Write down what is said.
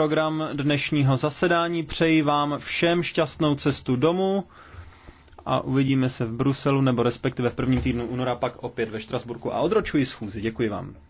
program dnešního zasedání. Přeji vám všem šťastnou cestu domů a uvidíme se v Bruselu, nebo respektive v prvním týdnu února, pak opět ve Štrasburku a odročuji schůzi. Děkuji vám.